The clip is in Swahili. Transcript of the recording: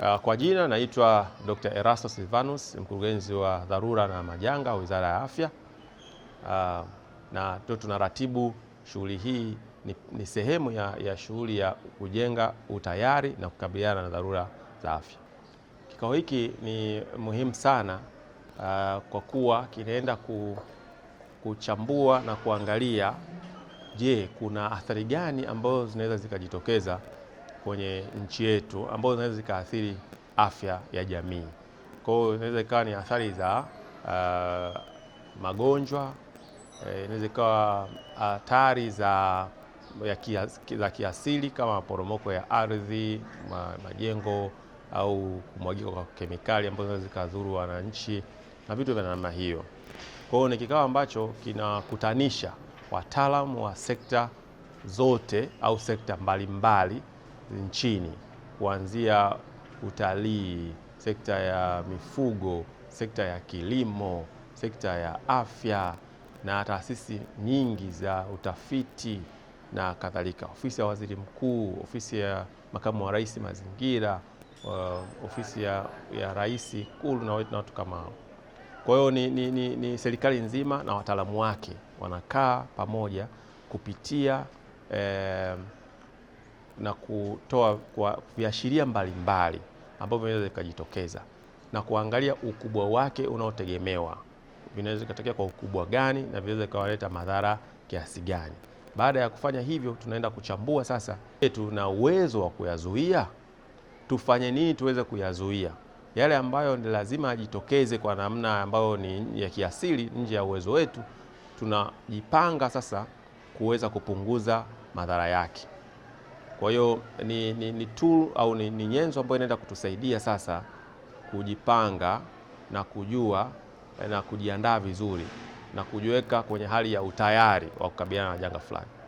Uh, kwa jina naitwa Dr. Erasto Silvanus, mkurugenzi wa dharura na majanga wa Wizara ya Afya, uh, na tu tunaratibu shughuli hii. Ni, ni sehemu ya, ya shughuli ya kujenga utayari na kukabiliana na dharura za afya. Kikao hiki ni muhimu sana uh, kwa kuwa kinaenda ku, kuchambua na kuangalia, je, kuna athari gani ambazo zinaweza zikajitokeza kwenye nchi yetu ambazo zinaweza zikaathiri afya ya jamii. Kwa hiyo inaweza ikawa ni athari za uh, magonjwa, eh, inaweza ikawa hatari za ya kia, kiasili kama maporomoko ya ardhi, ma, majengo au kumwagika kwa kemikali ambazo zinaweza zikadhuru wananchi na vitu vya namna hiyo. Kwa hiyo ni kikao ambacho kinakutanisha wataalamu wa sekta zote au sekta mbalimbali mbali, nchini kuanzia utalii, sekta ya mifugo, sekta ya kilimo, sekta ya afya na taasisi nyingi za utafiti na kadhalika, ofisi ya waziri mkuu, ofisi ya makamu wa rais mazingira, uh, ofisi ya, ya rais kulu na watu kama hao. Kwa hiyo ni, ni, ni, ni serikali nzima na wataalamu wake wanakaa pamoja kupitia eh, na kutoa kwa viashiria mbalimbali ambavyo vinaweza vikajitokeza na kuangalia ukubwa wake unaotegemewa, vinaweza kutokea kwa ukubwa gani na vinaweza vikawaleta madhara kiasi gani. Baada ya kufanya hivyo, tunaenda kuchambua sasa, tuna uwezo wa kuyazuia? Tufanye nini tuweze kuyazuia yale ambayo ni lazima ajitokeze kwa namna ambayo ni ya kiasili, nje ya uwezo wetu? Tunajipanga sasa kuweza kupunguza madhara yake. Kwa hiyo ni, ni, ni tool au ni, ni nyenzo ambayo inaenda kutusaidia sasa kujipanga na kujua eh, na kujiandaa vizuri na kujiweka kwenye hali ya utayari wa kukabiliana na janga fulani.